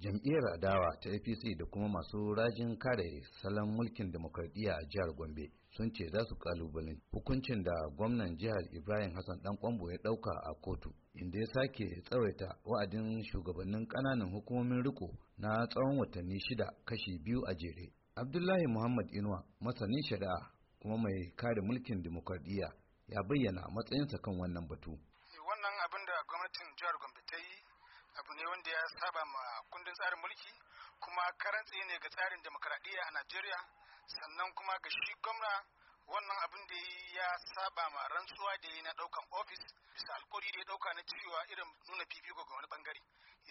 jam'iyyar adawa ta apc da kuma masu rajin kare salon mulkin demokradiyya a jihar gombe sun ce za su kalubalin hukuncin da gwamnan jihar ibrahim hassan dan kwambo ya dauka a kotu inda ya sake tsawaita wa'adin shugabannin kananan hukumomin riko na tsawon watanni shida kashi biyu a jere abdullahi muhammad inuwa masanin shari'a kuma mai kare mulkin demokradiyya ya bayyana matsayinsa kan wannan batu eh, wannan abin da gwamnatin jihar gombe abu ne wanda ya saba ma kundin tsarin mulki kuma karantsi ne ga tsarin demokradiyya a Najeriya sannan kuma ga shi gwamna wannan abin da ya saba ma rantsuwa da yi na daukan ofis bisa alkori da ya dauka na cewa irin nuna fifiko ga wani bangare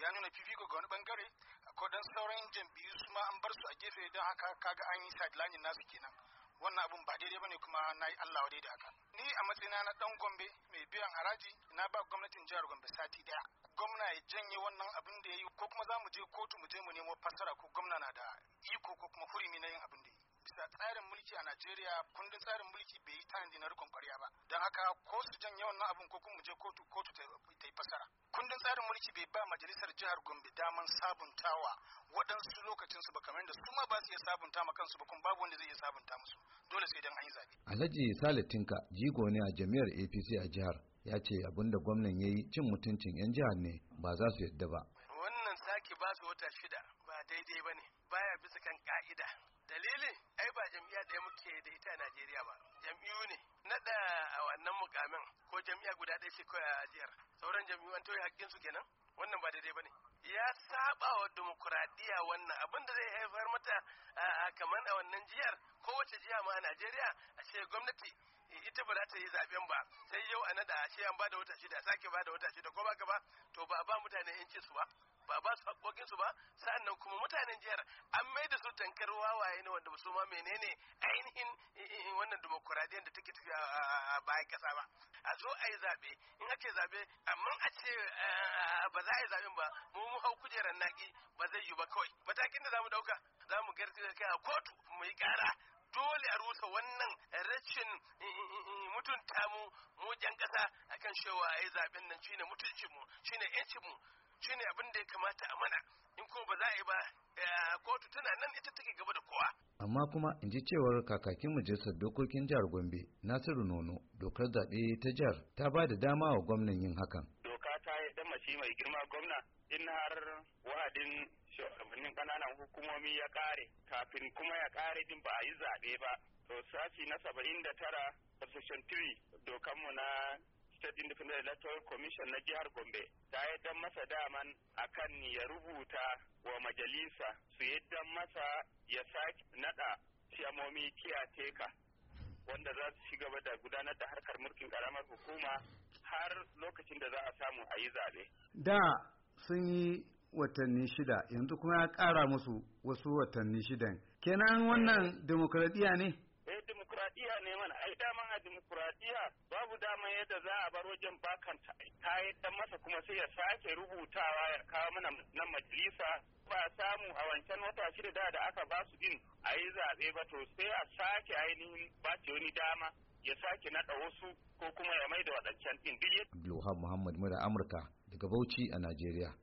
ya nuna fifiko ga wani bangare akwai dan sauran jam'iyyu su ma an bar su a gefe don haka kaga an yi sidelining nasu kenan wannan abun ba daidai bane kuma na yi Allah wadai da hakan. ni a matsayina na ɗan Gombe mai biyan haraji na ba gwamnatin jihar Gombe sati daya gwamna ya janye wannan abin da ya yi ko kuma za mu je kotu mu je mu nemo fassara ko gwamna na da iko ko kuma hurumi na yin abin da yi. bisa tsarin mulki a Najeriya kundin tsarin mulki bai yi tanadi na rikon kwarya ba don haka ko su janye wannan abin ko kuma mu je kotu kotu ta yi fasara kundin tsarin mulki bai ba majalisar jihar Gombe daman sabuntawa waɗansu lokacinsu su sabunta ma kansu ba kuma babu wanda zai iya sabunta musu dole sai dan an yi zabe Alhaji Sale Tinka jigo ne a jami'ar APC a jihar ya ce abinda gwamnan ya yi cin mutuncin yan jihar ne ba za su yadda ba wannan sake ba su wata shida ba daidai bane baya bisa kan ka'ida dalilin ai ba jam'iyya ɗaya muke da ita a Najeriya ba jam'iyyu ne na naɗa a wannan mukamin ko jam'iyya guda ɗaya ce kawai a jihar sauran jam'iyyu an tauye haƙƙinsu kenan wannan ba daidai bane ya saba wa demokuraɗiyya wannan abin da zai haifar mata kamar a wannan jiyar kowace jiya ma a Najeriya a ce gwamnati ita ba za ta yi zaben ba sai yau a nada a ce an bada wata shida sake da wata shida ko baka ba to ba ba mutane yanci su ba ba ba su haƙoƙin su ba sa'annan kuma mutanen jihar an mai da su tankar wawaye ne wanda ba su ma menene ainihin wannan demokuraɗiyyar da take tafiya a bayan kasa ba a zo a yi zaɓe in ake zaɓe amma a ce ba za a yi zaɓen ba mu mu hau kujerar naƙi ba zai yi ba kawai matakin da za mu ɗauka za mu garci kai a kotu mu yi ƙara dole a rusa wannan rashin mutunta mu mu jan ƙasa akan cewa a yi zaɓen nan shine mutuncinmu shine 'yancinmu shi ne abin da ya kamata a mana in ko ba za a yi ba kotu tana nan ita take gaba da kowa amma kuma in ji cewar kakakin majalisar dokokin jihar gombe nasiru nono dokar zaɓe ta jihar ta ba da dama wa gwamnan yin hakan doka ta yi dama mace mai girma gwamna in har wa'adin shugabannin ƙananan hukumomi ya ƙare kafin kuma ya ƙare din ba a yi zaɓe ba to sashi na saba'in da tara section 3 dokanmu na state independent electoral commission na jihar gombe ta dan masa daman akan ya rubuta wa majalisa su yadda masa ya sake nada ciyamomi kiyateka wanda za su gaba da gudanar da harkar mulkin karamar hukuma har lokacin da za a samu a yi zaɓe. da sun yi watanni shida yanzu kuma ya ƙara musu wasu watanni shidan kenan wannan demokradiyya ne? eh demokuraɗiyya ne mana ai daman a dimokuraɗiyya babu daman yadda za a bar wajen bakanta ta yadda masa kuma sai ya sake rubutawa ya kawo mana na majalisa ba samu a wancan wata shida da aka ba su din a yi zaɓe ba to sai a sake ainihin ba wani dama ya sake naɗa wasu ko kuma ya mai da waɗancan ɗin duk Abdulwahab Muhammad Mura Amurka daga Bauchi a Najeriya.